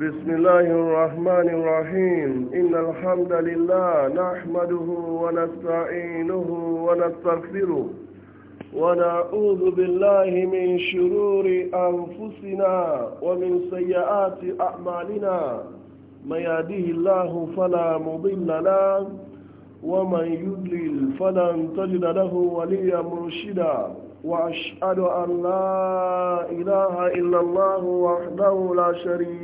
بسم الله الرحمن الرحيم إن الحمد لله نحمده ونستعينه ونستغفره ونعوذ بالله من شرور أنفسنا ومن سيئات أعمالنا من يهده الله فلا مضل له ومن يضلل فلن تجد له وليا مرشدا وأشهد أن لا إله إلا الله وحده لا شريك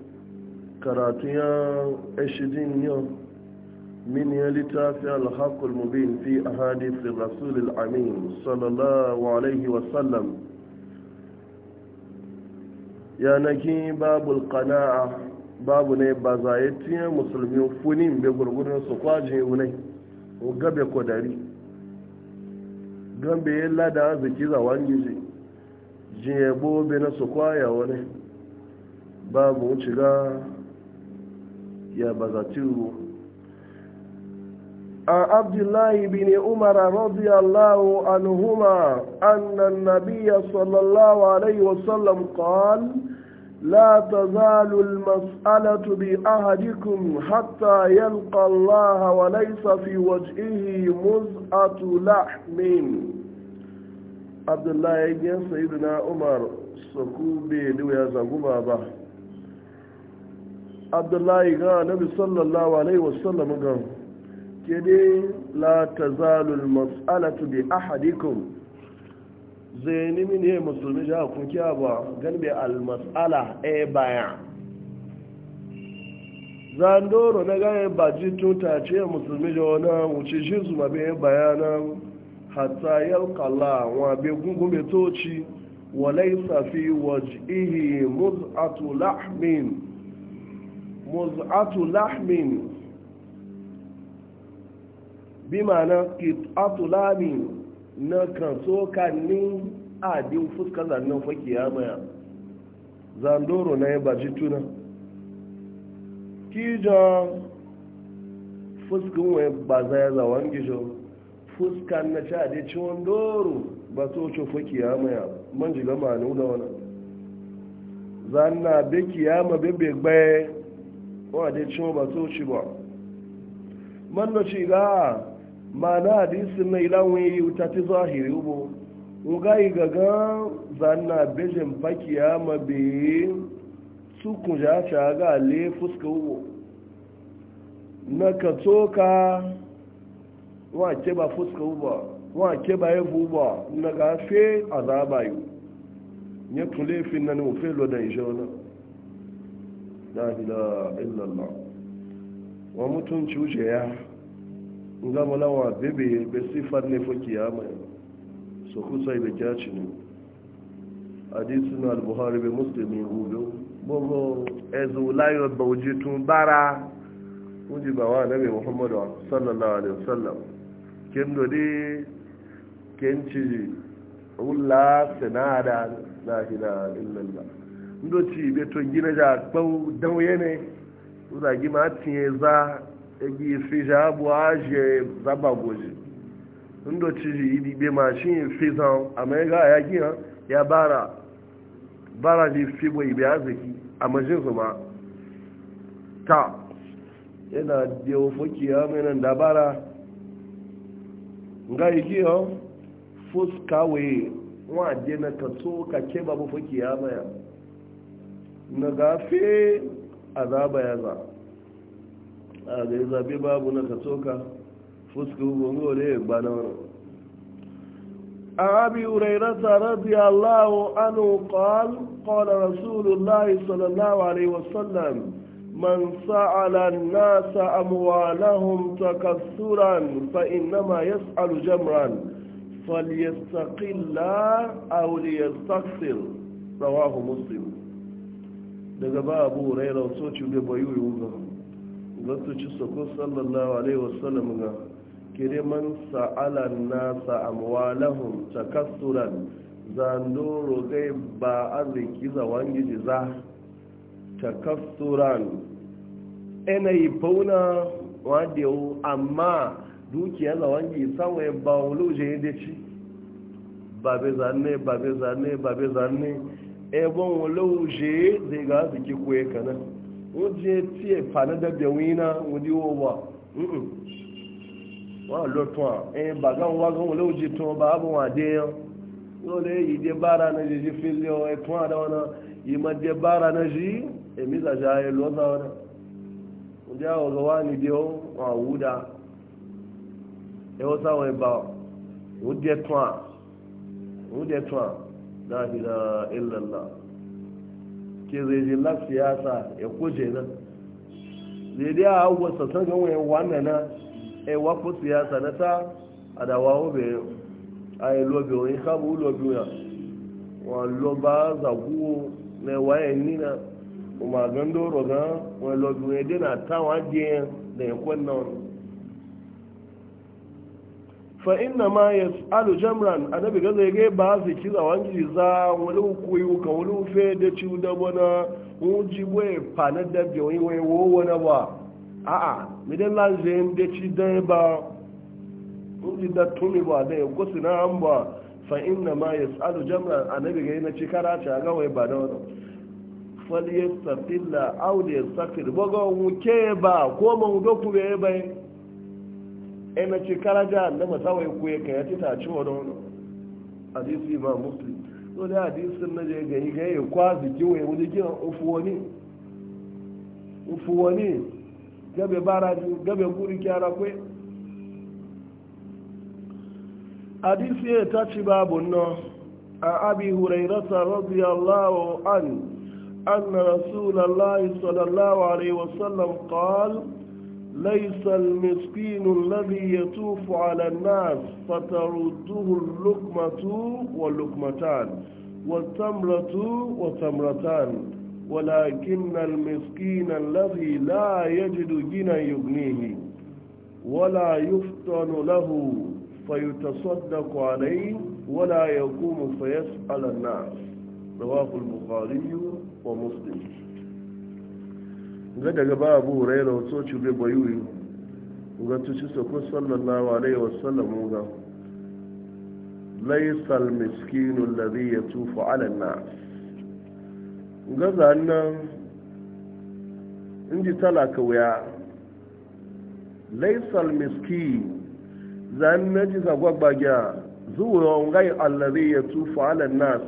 karatu ya ashidin yau min ya littafi alhaqul mubin fi ahadith rasul al-amin sallallahu alaihi wasallam ya naki babul qana'a babu ne ba za ya tiye musulmi funin be gurgurin su kwaji wune ko gabe kodari gambe ya lada zaki za ji jiye bobe na su kwaya wani babu wuce ga يا bazatiru عن عبد الله بن عمر رضي الله عنهما أن النبي صلى الله عليه وسلم قال لا تزال المسألة بأحدكم حتى يلقى الله وليس في وجهه مزعة لحم عبد الله بن سيدنا عمر سكوبي لويا زغبابا abdullahi ga nabi sallallahu alaihi wasallam ga ke dai la tazalul mas'alatu bi ahadikum zai nimi ne musulmi ja kun kiya ba galbe al mas'ala e baya zandoro na gaya e ba ji tuta ce musulmi ja wana wuce shi su ma bai bayana hatta yalqala wa be gungume toci wa laisa fi waj'ihi muz'atu lahmin muz'atu lahmin bi ma'ana qit'atu lamin na kan sokannin adin fuskar zannan fa Zan zandoro na ba Ki kijo fuskan wai ba za ya za wani gijo fuskan na cha de ciwon doro ba to cho fa maya man jiga ma da wani. zanna be kiyama be be wadda cin ba so ci ba man ci ga ma na hadisin na ilawun yi wuta ta zahiri ubo nga yi gaga zanna bejin fakiya ma be tukun kun ja ta ga le fuska ubo na ka tsoka wa ke ba fuska ubo wa ke ba yi a na gafe azaba yi ya tule fin na mu lo da ijo na la ilaha illallah wa mutum cuce ya gama lawa bebe be sifar ne fa kiyama so kusa ibe kyaci ne hadisun al-buhari be muslimi gudu gbogbo ezu layo bauji tun bara wuji ba wa nabi muhammadu sallallahu alaihi wasallam kin dodi kin ci wula sinada la ilaha illallah be to gina ja kpau dan yene e gi ma tinye za egi fi ja bu aje zaba goji ndoci ji idi be machine e fi zan amega ya gina ya bara bara ji fi bo ibe azeki amajin ma ta yana e da ofoki ya menan dabara nga igiyo fuska we wa jena ka so ka ke babu foki ya maya na gafe azaba ya za a ga yi zabe babu na kasoka fuska hukunga wani ya ba na wani abi hurairata radiyallahu anu qal qala rasulullahi sallallahu alaihi wasallam من سأل الناس أموالهم تكثرا فإنما يسأل جمرا فليستقل أو ليستكثر رواه مسلم daga ba abu huraira so ci bai bayu ga. gatsu ci sako sallallahu alaihi wasallam ga kire man sa'ala nasa amwalahum takassuran zandoro gai ba arziki za wangi za takassuran ina yi fauna wadewu amma dukiya za wangi sanwaye ba wuluje ya ba babe zane babe zane babe zane ebon walau je zai ga su ki koye kana wajen tiye fana da bewina wadi wa wa lotun a ɗin e, ba gan wagon walau je tun ba abin wa de yan lole yi de bara na je ji fili o etun a da wana yi ma de bara na ji emi za ja ye loza wana wadi a wazo wa ni de o wa wuda e wasa wa e ba wadi tun a wadi la ilaha illallah ke zai je la siyasa ya kuje nan zai dai a agwa sassan ga wani wannan na e wa ko siyasa na ta adawa obe ayi lobe wani kabu lobe ya wa loba zagu na waye nina kuma gandoro ga wani lobe wani dina ta wajen da ya kwanna wani fa inna ma ya alu jamran annabi ga zai ga ba zai kiza wangi za wani koyo ka wani fe da ci da bana wuji boye fanar da bi wani wai wo wani ba a'a midan lan zai da ci da ba wuji da tumi ba da ko sina an ba fa inna ma ya alu jamran annabi ga yana ci kara ta ga wai ba da wani fal yastaqilla aw yastaqil boga mu ke ba ko mun doku be bai ena ci karaja annaba ikwe ka ya kai ta tace wa don hadisi muslim to da hadisin na je ga yi ga ya kwazi kiwe wani kiran ufuwani ufuwani gabe baraji gabe guri kyara kwe adịsị ya ta ci tace bụ nan a abi hurairata radiyallahu an أن رسول الله صلى الله wasallam وسلم ليس المسكين الذي يطوف على الناس فترده اللقمة واللقمتان والتمرة والتمرتان ولكن المسكين الذي لا يجد جنا يبنيه ولا يفتن له فيتصدق عليه ولا يقوم فيسأل الناس رواه البخاري ومسلم ga daga ba abu raira wato cube bai bayuyi ga tuci sako sallallahu alaihi wasallam ga laisal miskinu alladhi yatufu ala nas ga zannan inji talaka wuya laisal miski na ji sagwagba gya zuwa ngai alladhi yatufu ala nas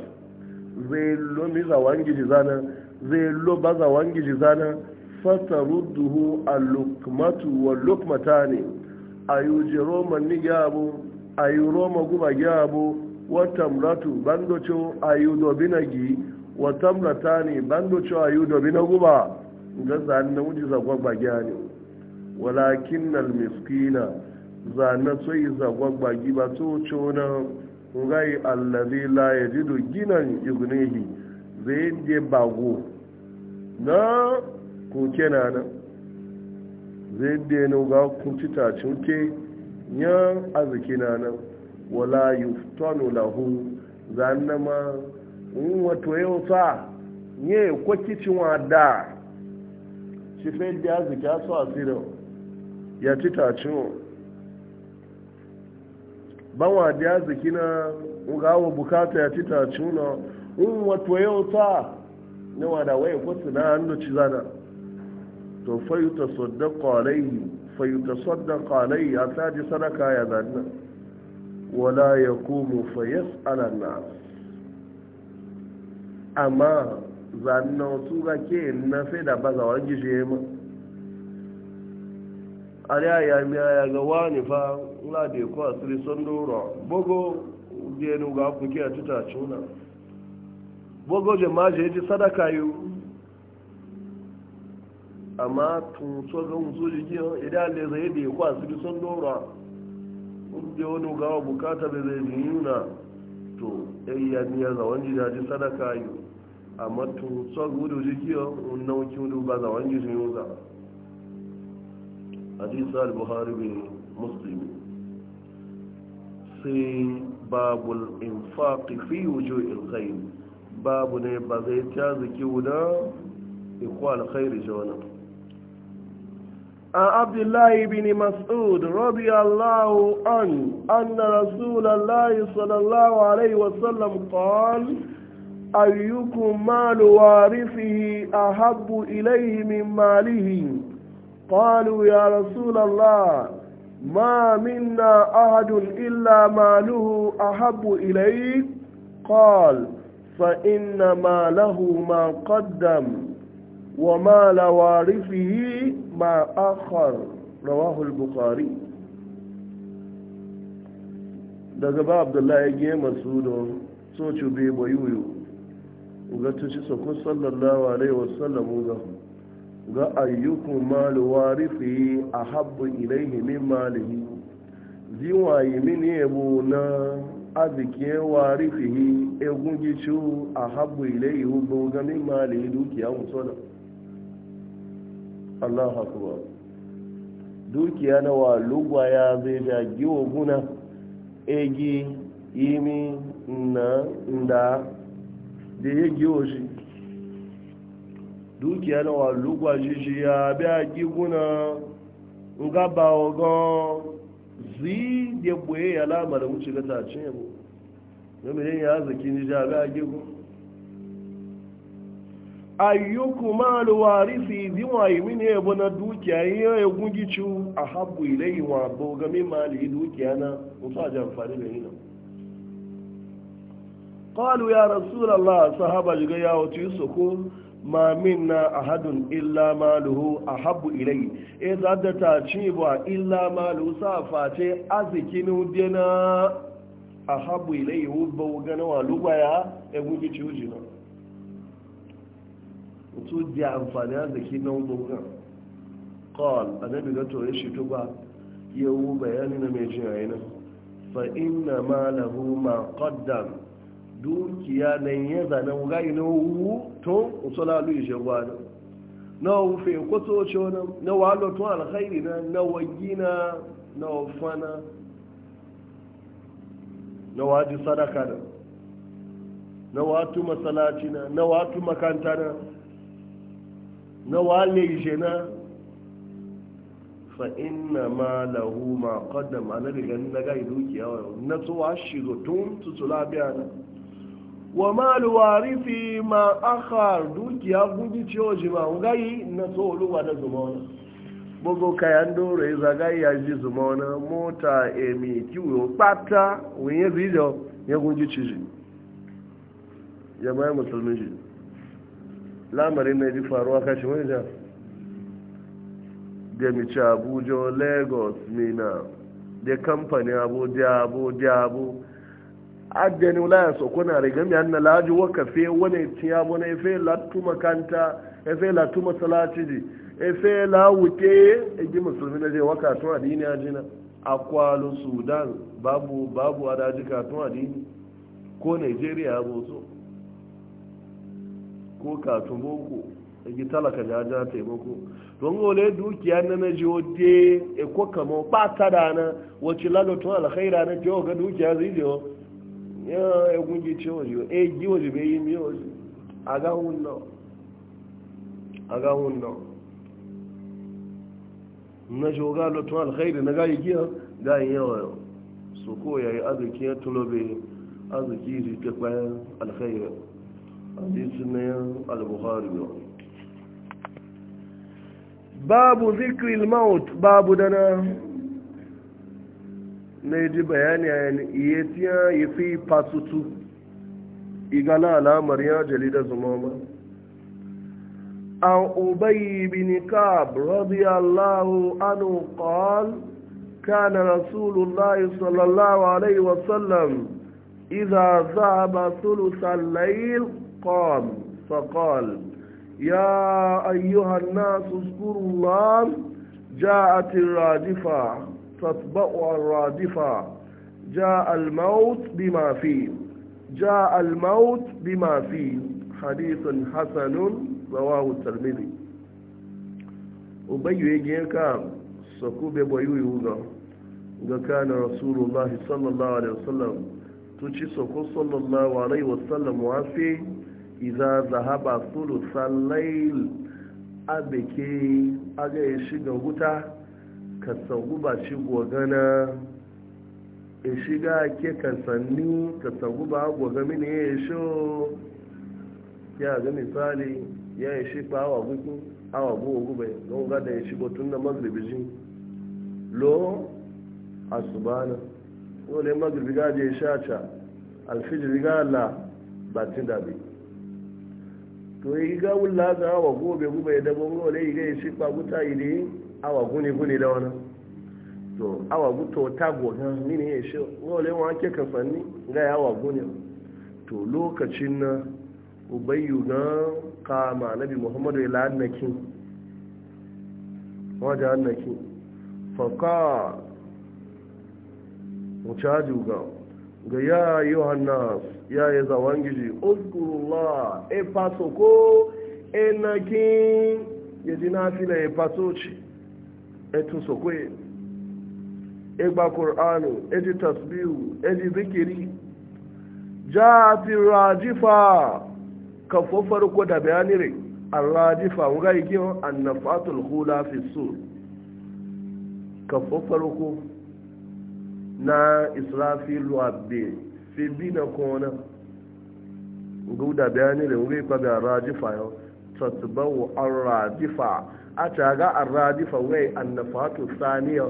zai lo mi za wangi zana zai lo ba za wangi zana fatarudduhu al-lukmatu wal-lukmatani ayuje man ni gyabo ayu roma guba gyabo watamratu bandocho ayu dobinagi watamratani bandocho ayudo binaguba guba ga zanna wuji zagwa bagyani walakin al-miskina zanna sai zagwa bagi ba to chona ngai allazi la yajidu ginan yugnihi zai je bago na kuke na nan zai dena ga kunci tacin ke yan arziki na nan wala yuftanu lahu zannama in wato yau sa ne kwakicin wada shi fai da arziki a su asirin ya ci tacin banwa da arziki na gawo bukata ya ci tacin na in wato yau sa na wada waya kwasu na hannu ci zana to fayuta saddaqa alayhi fayuta sadda alayhi a taji sadaka ya zanna wala ya kumu fayas'ala nas amma zanna wasu ga ke na fai da ba za wani gishe ma a ya yi miya ya ga wani fa ya ko siri sun dora bugu da ya nuga kuke a tuta cuna bugu jama'a ji sadaka yiwu amma tun so ga musu jiki idan le zai da kwa su bi son dora inda wani gawa bukata bai zai ji yuna to ɗaya eh, ni ya zawon ji daji sadaka yi amma tun so ga wudu jiki un nauki wudu ba zawon ji sun yi za hadisa al-buhari bin muslimi sai babul infaqi fi wujuhil khair babu ne ba zai ta zaki wuda ikwal khairi jona عن عبد الله بن مسعود رضي الله عنه أن رسول الله صلى الله عليه وسلم قال أيكم مال وارثه أحب إليه من ماله قالوا يا رسول الله ما منا أحد إلا ماله أحب إليه قال فإن ماله ما قدم wa ma lawarisihi ma akhar rawahu al-bukhari daga ba abdullahi ya ge masudo so cube bayuyu ga tuci sako sallallahu alaihi wasallam ga ga ayyukum mal warisi ahabbu ilayhi min malihi ziwayi min yabo na azike warisihi egungi a ahabbu ilayhi bu ga min malihi dukiya musala allah akbar dukiya na wa lugwaya zai da giwo guna egi imi na nda da ya giwo shi dukiya na wa lugwa shi ya bi a giguna nga ba ogon zi da boye alamar wuce ga tace mu ya zaki ni ja bi a gigun ayyuku malu warisi ziwayi mini yabo na dukiya ya yi gungicu a habu ilayi wa bogami mali dukiya na musu a jamfani da yinan qalu ya rasulallah sahaba jiga ya wato yusufu ma minna ahadun illa maluhu ahabbu ilayhi e zadda ta ci ba illa maluhu sa face azikin dena ahabbu ilayhi hu bawgana wa lugaya e gugi ujina mutu da amfani arziki na umarwa kawal a nabi ga to ya shi tuba yawu bayani na mai jin ainihin fa inna ma lahu ma kodam dukiya na ya zana wugayi na wu to usola lu ishe gwada na wufe kwato ce wani na walo tun alkhairi na na wagina na wafana na waji sadaka na na watu masalaci na na watu makanta na na wale shi na fa'inna ma lahu ma kaddam ma na riga na gai dukiya wa na tsuwa shi tun tutu labiya na wa ma fi ma aka dukiya gudu ciwo ji ma gai na tsuwa luwa da zuma wani gbogbo kayan doro ya zagaye ya ji zuma wani mota emi kiwo pata wunye zijo ya gudu ciji ya bayan musulmi ciji lamarin na ji faruwa kashi wani ja da mice abuja lagos mina da kamfani abu da abu da abu adani wulaya sokona riga mi anna laji waka fe wani tiya wani efe latu makanta efe latu masalaci ji efe la wute egi musulmi na je waka tun adini ajina akwalo sudan babu babu adaji ka tun adini ko nigeria abu so ko katun boko igi talaka jaja taimako don gole dukiya na na ji wade e ko kama bata da na wace lagatun alkhaira na ke ga dukiya zi ya e gungi ce waje e gi waje eh, bai yi a ga a ga na ji ga na ga yi giya ga yi yawa so ko ya yi ya tulobe ji ta hadisun na yan al-bukhari ba babu zikril maut babu dana na ji bayani a iya tiya ya fi fasutu igala alamar ya jalida zuma ba anu كان رسول الله صلى الله عليه وسلم إذا ذهب ثلث الليل قام فقال يا أيها الناس اذكروا الله جاءت الرادفة تطبأ الرادفة جاء الموت بما فيه جاء الموت بما فيه حديث حسن رواه الترمذي أبي يجيك سكوب يوغا كان رسول الله صلى الله عليه وسلم تشي سكو صلى الله عليه وسلم وافي iza zahaba sulusan lail abike aga ya shiga wuta ka sagu ba shi gogana ya shiga ke kansanni ka sagu ba gogami ne ya sho ya ga misali ya yi shi ba awa gugu awa gugu gube don gada ya shigo tun da magribijin lo asubana dole magribi gaje ya sha ca alfijir gala batin dabi to yi ga wula ga awa gobe guba ya dabo ruwa ne ga ya shifa guta ide awa guni guni da wani to awa guto ta gogan ni ne ya shi ruwa ne wa ake kafanni ga ya awa gune to lokacin na ubayyu ga kama nabi muhammadu ya la'annakin wajen annakin faka mu caji ga ya yohannas ya yi zawangiji uzgurullah e faso ko e nakin na fi na ya faso ci e, e tun sokwe e gba ƙor'anu e ji tasbihu e ji zikiri ja ti rajifa fofar ko da rajifa arrajifa wura igiyon annafatul hula fi sur fofar ko. na israfilu abbe fi bi na kona guda bayani da wuri kwa ga rajifa yau tatbawu ar-rajifa a ga ar-rajifa wai annafatu saniya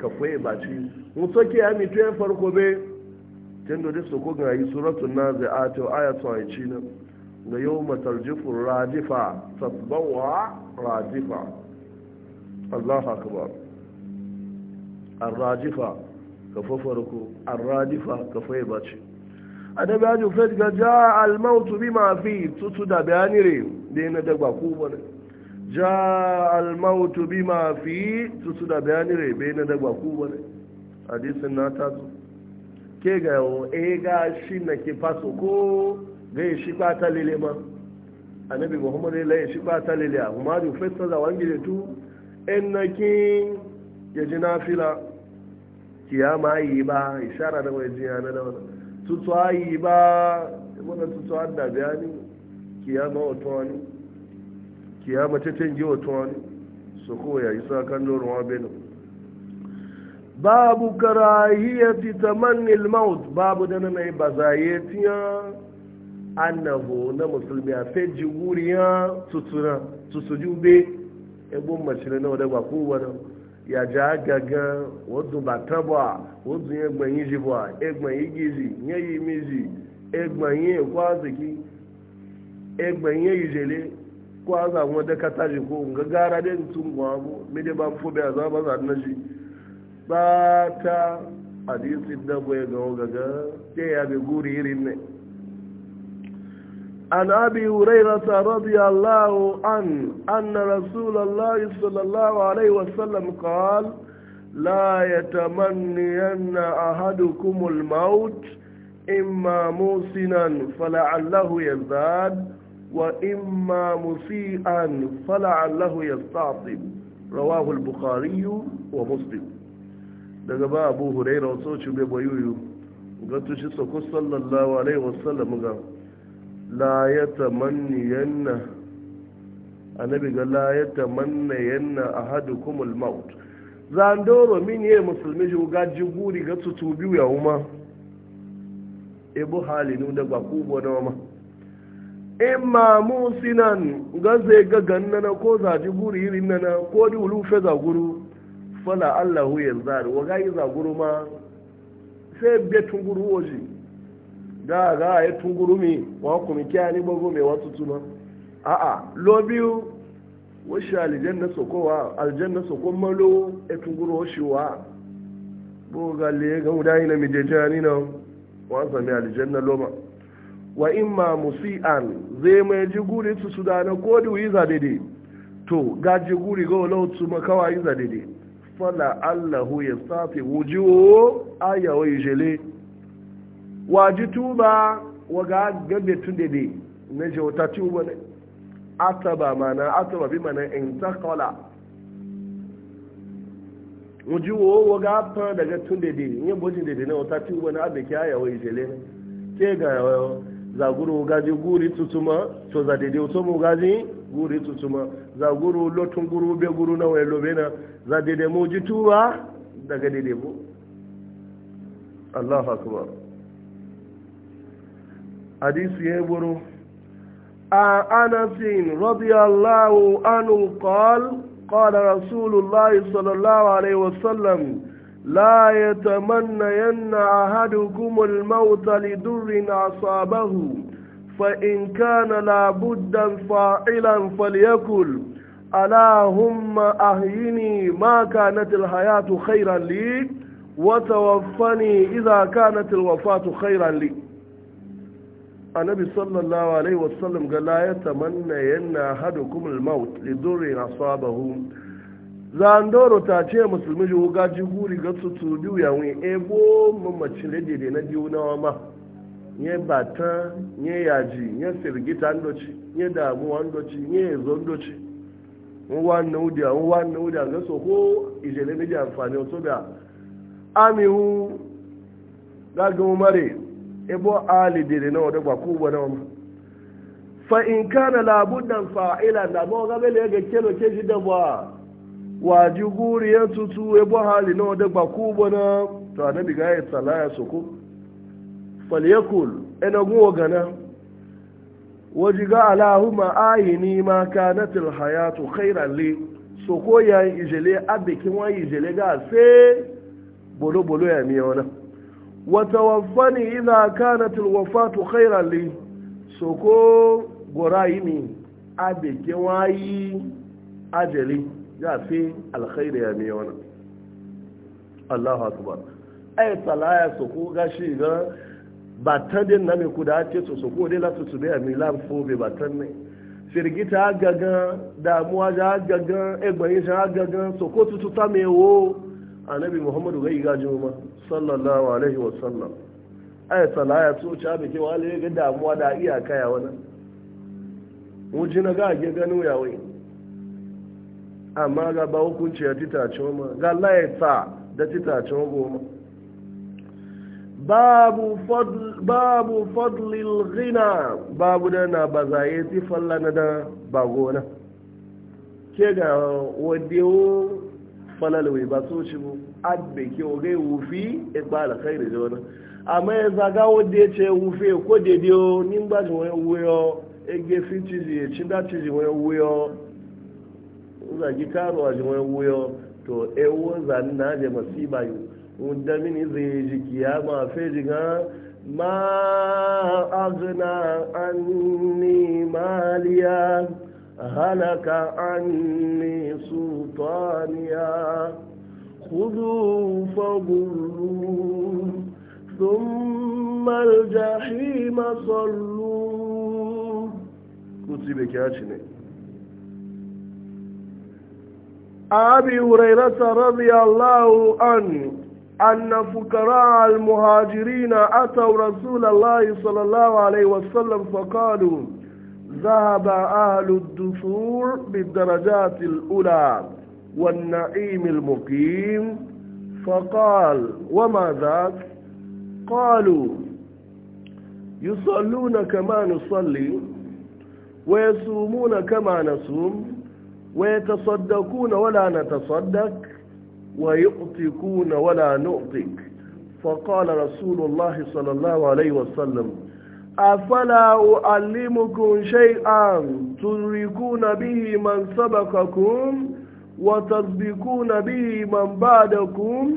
ka fai baci mutu ke ya mitu ya farko be tun da su ko ga yi suratul nazi'at aya ci na ga yawma tarjifu ar-rajifa tatbawu rajifa Allah akbar ar-rajifa kafa farko arradifa kafa ya bace adabi ajin fred ga ja almautu bi ma fi tutu da bayani re da yana dagba ku bane ja almautu bi ma fi tutu da bayani re bai yana dagba ku bane hadisin na tazo ke ga yawo e ga shi na ke faso ko ga shi ba ta lele ma annabi muhammad ya shi ba ta lele amma da fesa da wangile tu ennakin ya ji fila. kiyama yi ba ishara da mai jiya na dawa tutuwa yi ba wanda tutuwa da biya ni kiyama wato wani kiyama ta canji wato wani su koya yi sa kan lorin wa benin babu ta manil maut babu da na yi tiya annahu na musulmi a fe jiguriya tutura tusujube ebun mace na e wadda ba kowane ya ji agaga wadda ba taba wadda egbenyi gbanyi ji ba egbanyi gizi nye yi mizi egbanyi e kwaziki egbenyi e ijele kwaza wadda kata ji ko ga gara da tun gwa bu mede ba fu be za ba za na ji ba ta hadisi da boye ga gaga te ya bụ guri iri ne عن أبي هريرة رضي الله عنه أن رسول الله صلى الله عليه وسلم قال لا يتمنين أحدكم الموت إما موسنا فلعله يزداد وإما مسيئا فلعله يستعصب رواه البخاري ومسلم daga ba abu huraira wasu cibiyar bayuyu ga tushe sako sallallahu alaihi wasallam ga la ya tamanni yanna annabi ga la ya tamanna yanna ahadukum al-maut zandoro min ye musulmi ji ga jiguri ga tutu biyu ya uma hali nu da ba ku na ma imma musinan ga zai ga gannana ko za jiguri irin nana ko di ulu fe za guru fala hu yanzar wa ga yi za guru ma sai betun guru waje Da ga ya tunguru mi wa kuma kiya ni bago mai wasu tuma a'a lo biyu wasu aljanna sokowa aljanna sokon malo ya e tunguru wasu wa bo ga le ga mudai na mi jejani na wa sami aljanna loma wa in ma imma musi'an zai mai jiguri su su dana ko da yi za daidai to ga jiguri ga wala su makawa yi za daidai fala allahu ya safi wujiwo ayawa yi jele waji tuba wa ga gabe tunde ne na jauta tuba ne ataba mana ataba bi mana in ta takala ji wo wa ga pan daga tun tunde ne in yabo tunde ne wata tuba na abe kya wai jele ne ke ga zaguru gaji guri tutuma to za dede to mu gaji guri tutuma zaguru lotun guru be guru na wai lobe na za dede mu ji tuba daga dede mu Allahu akbar hadisi آه، أنس رضي الله عنه قال قال رسول الله صلى الله عليه وسلم لا يتمنين أحدكم الموت لدر أصابه فإن كان لابدا فاعلا فليكل اللهم أهيني ما كانت الحياة خيرا لي وتوفني إذا كانت الوفاة خيرا لي annabi sallallahu alaihi wasallam ga la ya tamanna yanna hadukum al-maut li durri asabahu zandoro ta ce musulmi ji ga jiguri ga tutu biyu ya wi ebo mamacin dede na biyu na ma nye bata nye yaji nye sirgita ndoci nye damuwa ndoci nye ezo ndoci nwanne udia nwanne udia ga so ko ijele meji amfani otobi a amihu gagan umare ebo ali dire na wadda ba ku wadda wama fa in kana labudan fa'ila na ba ga bele ga kelo ke ji da ba wa ji guri ya tutu ebo hali na wadda ba ku wadda to annabi ga ya sala ya suku falyakul ina go gana waji ga alahuma ayini ma kanatil hayatu khairan li so ko ya ijele abikin wa ijele ga se bolo bolo ya miya wannan watawaffani idha kanat alwafatu khairan li soko gorayi mi abe ke wayi ajali ya fi alkhairi ya mi wannan Allahu akbar ay salaya soko na me kuda ce so soko dai la su be mi la batan ne firgita gagan damuwa ja gagan egbayin ja gagan soko tutu ta wo annabi muhammadu gai gaji mu sallallahu alaihi wa sallam ay salaya so cha be ke wale ga damuwa da iyaka ya wannan mu ji na ga ga ganu ya wai amma ga ba hukunci ya tita ma ga laita da titace ma babu fadl babu fadlil ghina babu da na bazaye ti na da bagona ke ga wadewo falalwe ba so shi bu abbe ke oge wufi e ba la khairi da wannan amma ya zaga wanda ya ce wufe ko da dio nin ba ji wani wuyo e ge cizi, ji ci da ci wani wuyo za gi karo ji wani wuyo to e wo zan na je masiba yu wanda mini zai ji kiyama fe ji ga ma agna anni maliya هلك عني سلطانيا خذوا فضلوا ثم الجحيم صلوا كتب كاشني أبي هريرة رضي الله عنه أن فقراء المهاجرين أتوا رسول الله صلى الله عليه وسلم فقالوا ذهب أهل الدثور بالدرجات الأولى والنعيم المقيم فقال وما ذاك قالوا يصلون كما نصلي ويصومون كما نصوم ويتصدقون ولا نتصدق ويؤتكون ولا نؤتك فقال رسول الله صلى الله عليه وسلم أفلا أعلمكم شيئا تدركون به من سبقكم وتسبقون به من بعدكم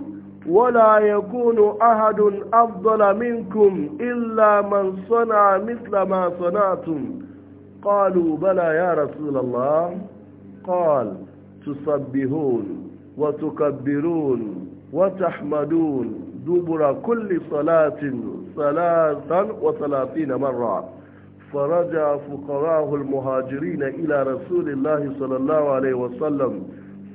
ولا يكون أحد أفضل منكم إلا من صنع مثل ما صنعتم قالوا بلى يا رسول الله قال تسبحون وتكبرون وتحمدون دبر كل صلاة ثلاثا وثلاثين مرة فرجع فقراه المهاجرين إلى رسول الله صلى الله عليه وسلم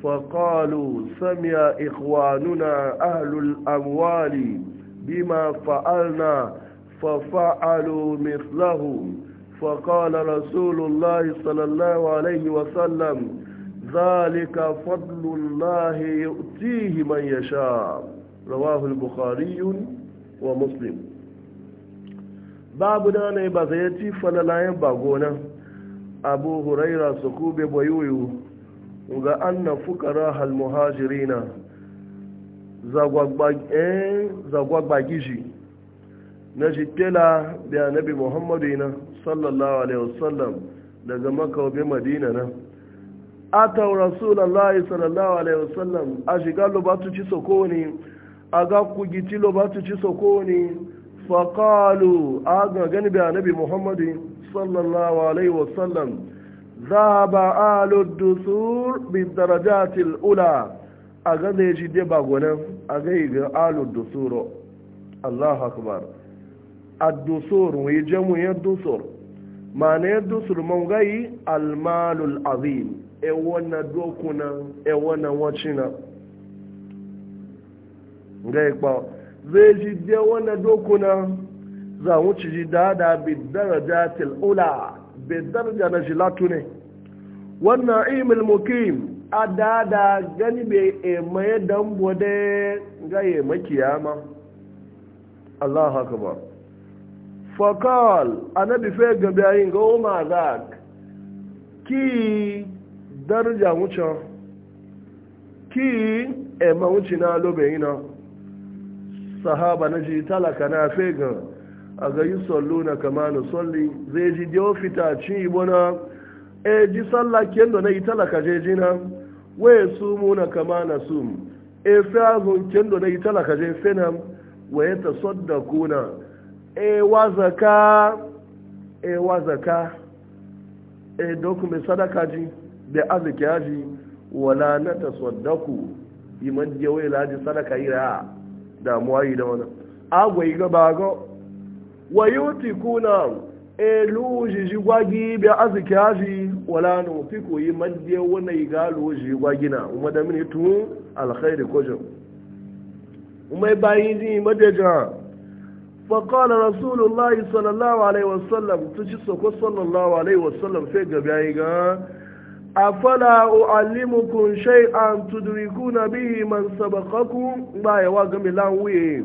فقالوا سمع إخواننا أهل الأموال بما فعلنا ففعلوا مثلهم فقال رسول الله صلى الله عليه وسلم ذلك فضل الله يؤتيه من يشاء رواه البخاري ومسلم babu da ne ba zai ci falalayen ba gona abu huraira su kube bayoyo ga anna fukara halmuhajirina zagwagbagiji eh, na jikela da nabi muhammadu na sallallahu alaihi wasallam daga makaube madina na atau rasulallah sallallahu alaihi wasallam a shiga lobatuci sokoni a ga kugiti lobatuci sokoni faƙalu a gangan نبي محمد صلى الله عليه وسلم ذهب آل الدثور بالدرجات الأولى أغذي جدي باغونا أغيغ آل الدثور الله أكبر الدثور ويجمع الدثور معنى الدثور موغي المال العظيم ايوانا دوكونا ايوانا واتشنا غيغ باغونا zai ji wannan wani dokuna za wuce ji da da daraja tilula bidaraja na jilatu ne wannan imil mukim a da gani bai emaye dambo da gaye makiyama Allah haka ba fakal anabi fe gabi ayin ga umar zak ki daraja wuce ki ema wuce na lobe yi sahaba na ji talaka na fega a ga yi sallu na kama na salli zai ji dio fita ci bona e ji sallah kendo na yi talaka ji na waye su mu na kama na sum e azun kendo na yi talaka je na waye ta sadda kuna e wazaka e wazaka e mai sadaka ji da arziki ji wala na ta sadda ku je laji sadaka yi ra'a damuwa yi da wani agwai gabago wa yuti kuna eluji jigwagi bi azkiyaji wala no fiko yi madde wona yi galo jigwagina umma da mini tu alkhair kojo umma bayi ni madde ja fa qala rasulullahi sallallahu alaihi wasallam tuji sokko sallallahu alaihi wasallam sai gabi yi ga afala u'allimukum shay'an tudrikuna bihi man sabaqakum ba ya wa gami lanwe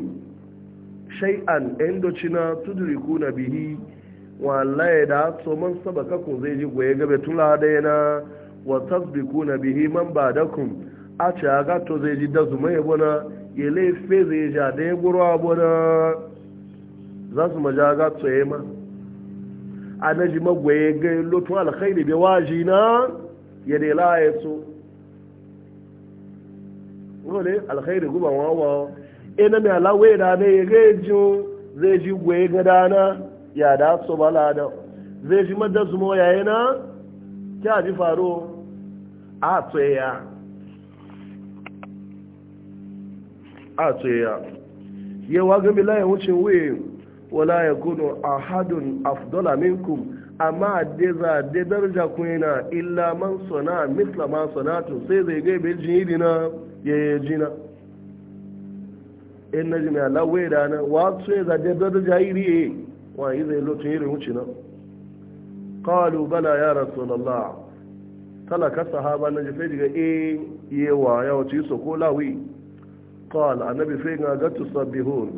shay'an indocina tudrikuna bihi wallahi da to man sabaqakum zai ji goye gabe tula da yana wa tasbikuna bihi man ba'dakum a ce aga to zai ji da zuma ya bona ya laife zai ja da ya guru za su maja aga to ya ma a naji ji magwaye ga lotun alkhairi bai waji na ya dai laye su wale alkhairi guba wawa ina mai alawe da ne ya gaji zai ji gwe ga dana ya da su bala da zai ji madda su moya yana kya ji faro a tsaya. a tsoya yawa gami laye wucin wuyi wala ya kuno ahadun afdola minkum amma da za da daraja kuna illa man sona misla ma sonatu sai zai gai bai jin yidi na ya yi jina in na jini alawai da na wasu ya za da daraja iri ya eh, wa yi zai lotun iri wuce na kalu bala ya rasulallah talaka sahaba na jifai daga e eh, yewa ya wace so ko lawi kal annabi fai ga gatu sabbihun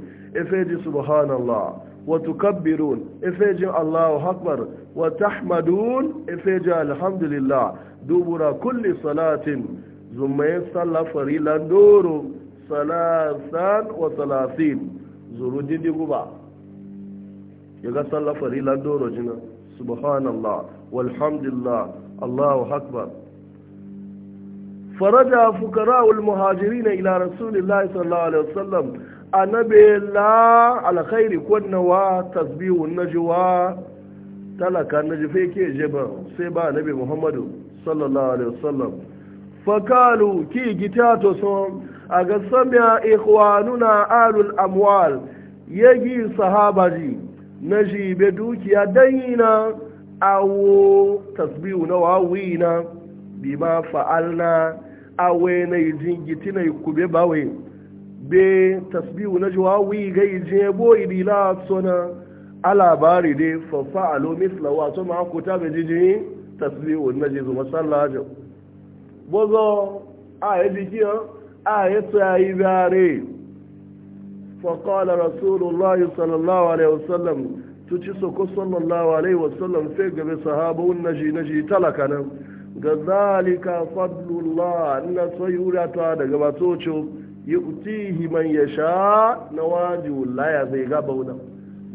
ife ji subhanallah وتكبرون إفجي الله أكبر وتحمدون إفجي الحمد لله دبر كل صلاة ثم يصلى فريلا دور ثلاثا وثلاثين زرود دي يغا صلى فريلا دور جنا سبحان الله والحمد لله الله أكبر فرجع فقراء المهاجرين إلى رسول الله صلى الله عليه وسلم annabi la alkhairi kunnawa tasbihun najwa talaka najfe ke jeba sai ba annabi muhammadu sallallahu alaihi wasallam fakalu ki gita to son a ga samya ikhwanuna alul amwal yagi sahabaji naji be dukiya dayina awo tasbihu na wawina bima fa'alna awe na yi jingiti na kube bawe be tasbihu na juwawi ga ije boyi di la sona alabari de fa fa'alu misla wa to ma ko ta be jiji tasbihu na jizu masallajo bozo a e ye an a ye to yi bare fa qala rasulullah sallallahu alaihi wasallam ci so ko sallallahu alaihi wasallam sai gabe un naji naji talaka nan ga zalika fadlullah na soyura ta daga batocho yu'tihi man yasha na waju laya zai gaba wuda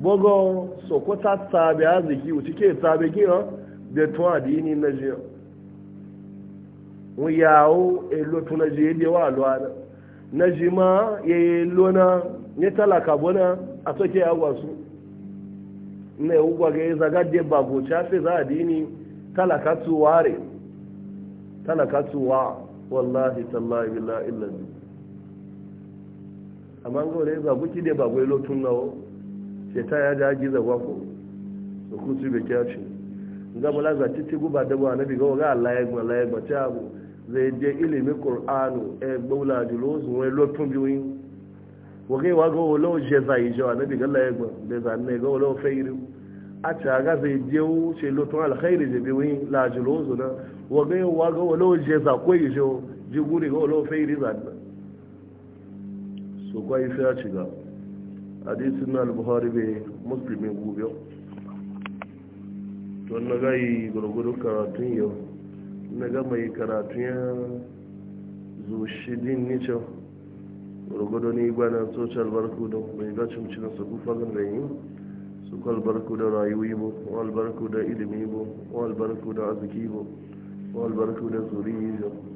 bogo sokota tabi aziki uti ke tabi ki ha de to adini na je mu yawo e lo to na je de wa lo ana na jima ye lo na ne talaka bona a soke yawa su ne ugwa ga zaga de bago chafe za adini talaka tuware talaka tuwa wallahi tallahi billahi illahi amma ga wani zagu kide ba gwai lotun nawo ce ta ya ja giza ko? da kusu bai kya ce ga mala za ci ci guba dabuwa na biga ga Allah ya gba Allah ya gba ta abu zai je ilimi qur'anu e gbawla dilo su wai lotun biyu wage wa ga wala je zai je na biga Allah ya gba da zan ne ga wala fairu a ta ga zai je u ce lotun alkhairi je biyu la dilo su na wage wa ga wala je za koyi je jiguri ga wala za zan so kwa yi fiya shiga hadisin na al-buhari bai musulmi gobe don na gayi gurgurun karatun yau na ga mai karatun ya zushidin nicin gurgurun ni gwanan social barku don mai gacin cinan su kufa zan rayu su kwalbarku da rayuwi bu kwalbarku da ilimi bu kwalbarku da arziki bu kwalbarku da zuriyi bu